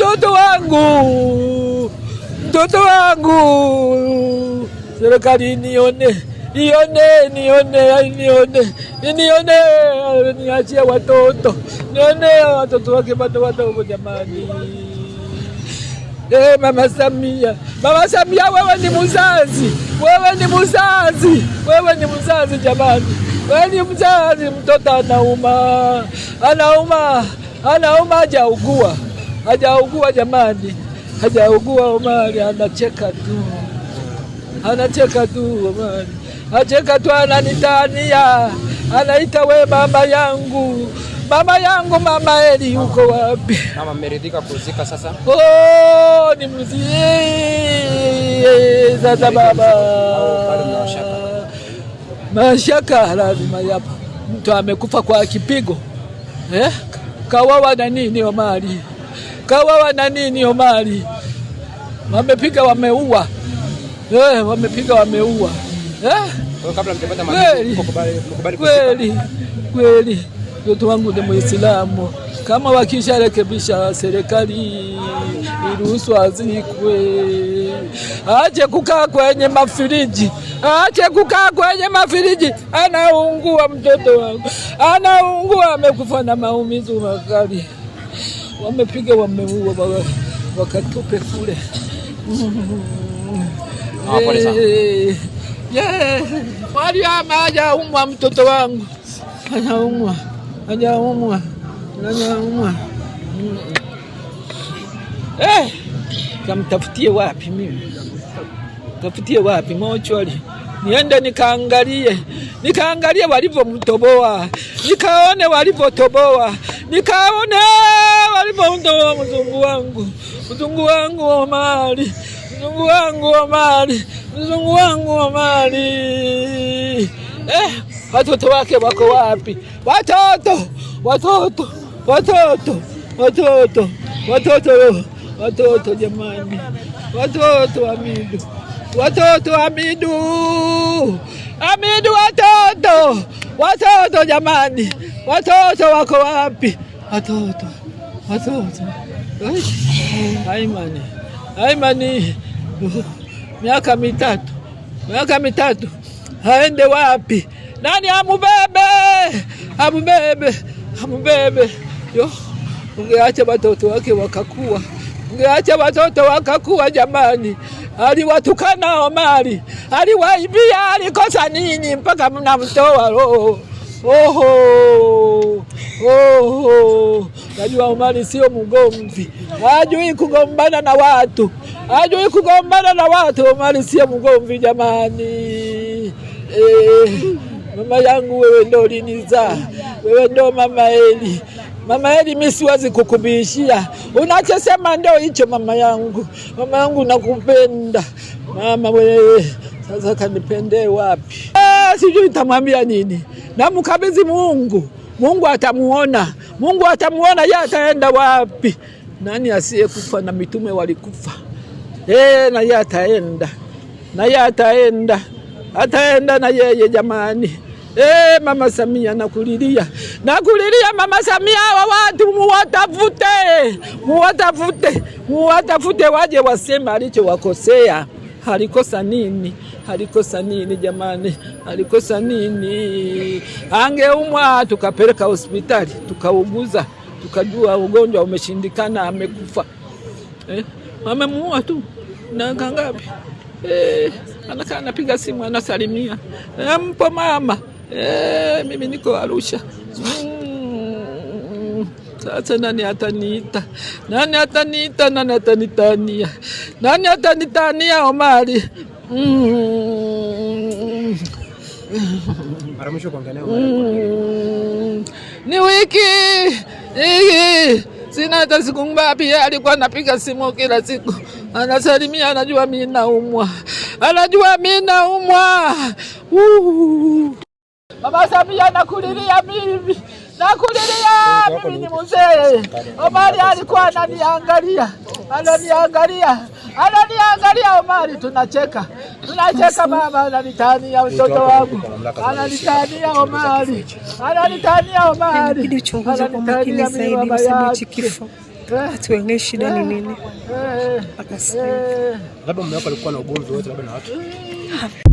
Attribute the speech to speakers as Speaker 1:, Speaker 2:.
Speaker 1: mtoto wangu, mtoto wangu, serikali nione nione nione nione nione, niachie watoto nione watoto wake bado wadogo jamani. Eh, mama Samia, mama Samia, wewe ni mzazi, wewe ni mzazi, wewe ni mzazi jamani, wewe ni mzazi. Mtoto anauma, anauma, anauma, hajaugua hajaugua jamani, hajaugua Omari, anacheka tu, anacheka tu Omari, acheka tu, ananitania, anaita we mama yangu mama yangu mama Eli yuko wapi?
Speaker 2: Mama ameridhika kuzika sasa?
Speaker 1: Oh, ni mzee sasa baba. Mashaka lazima yapo. Mtu amekufa kwa kipigo eh? Kawawa na nini Omari? Kawa wana nini Omari? Wamepiga wameua. Eh, wamepiga wameua. Eh? Kabla kweli. Kweli. Mtoto wangu ni Muislamu. Kama rekebisha serikali iruhusu azikwe, aache kukaa kwenye mafiriji, aache kukaa kwenye mafiriji. Anaungua mtoto wangu, anaungua, amekufa na maumivu makali wamepiga wameua, wakatupe kule.
Speaker 2: Ah, eh,
Speaker 1: Mariam hajaumwa, mtoto wangu hajaumwa, hajaumwa, hajaumwa. Eh, kamtafutie wapi mimi? Tafutie wapi? Mochwali niende nikaangalie, nikaangalie walivyo mtoboa, nikaone walivyotoboa nikaona walipoondoa mzungu wangu, mzungu wangu wa mali, mzungu wangu wa mali, mzungu wangu wa mali. Eh, watoto wake wako wapi? Watoto, watoto, watoto, watoto, watoto, watoto, jamani, watoto Hamidu, watoto Hamidu. Amini watoto, watoto jamani, watoto wako wapi? Watoto, watoto Aimani, Aimani miaka mitatu, miaka mitatu haende wapi? Nani amubebe? Amubebe, amubebe. Yo, ungeacha watoto wake wakakua, ungeacha watoto wakakua jamani, aliwatukana Omari aliwaibia, alikosa nini mpaka mnamtoa roho? Oho, oho, najua Omari sio mgomvi, hajui kugombana na watu, hajui kugombana na watu. Omari sio mgomvi jamani. E, mama yangu wewe ndo liniza, wewe ndo mama Eli Mama Eli, mimi siwezi kukubishia unachosema, ndio hicho mama yangu, mama yangu, nakupenda mama wewe. Sasa kanipendee wapi? Ah, sijui nitamwambia nini. Namkabidhi Mungu, Mungu atamuona, Mungu atamuona yeye ataenda wapi. Nani asiyekufa na mitume walikufa e, na yeye ataenda, na yeye ataenda, ataenda na yeye jamani. E, Mama Samia nakulilia, nakulilia Mama Samia, wa watu muwatafute, muwatafute, muwatafute waje wasema alichowakosea alikosa nini? Alikosa nini jamani? Alikosa nini? Angeumwa tukapeleka hospitali tukauguza, tukajua ugonjwa umeshindikana, amekufa eh, amemuua tu na kangapi eh, anakaa anapiga simu anasalimia eh, mpo mama eh, mimi niko Arusha mm. Sasa nani ataniita? Nani ataniita? Nani atanitania? Nani atanitania, Omari? Mm. Mm. Ni wiki sina hata siku ngapi. Alikuwa anapiga simu kila siku, anasalimia, anajua mimi naumwa, anajua mimi naumwa. Mama Samia nakulilia mimi, naku mimi yaani ni mzee. Omari alikuwa ananiangalia, ananiangalia, ananiangalia. Omari tunacheka, tunacheka. Baba ananitania mtoto wangu, ananitania Omari, ananitania Omari. Inabidi uchunguze kwa makini zaidi, useme shida ni nini. Eh, eh, eh. labda mume wako alikuwa na ugomvi wote labda na watu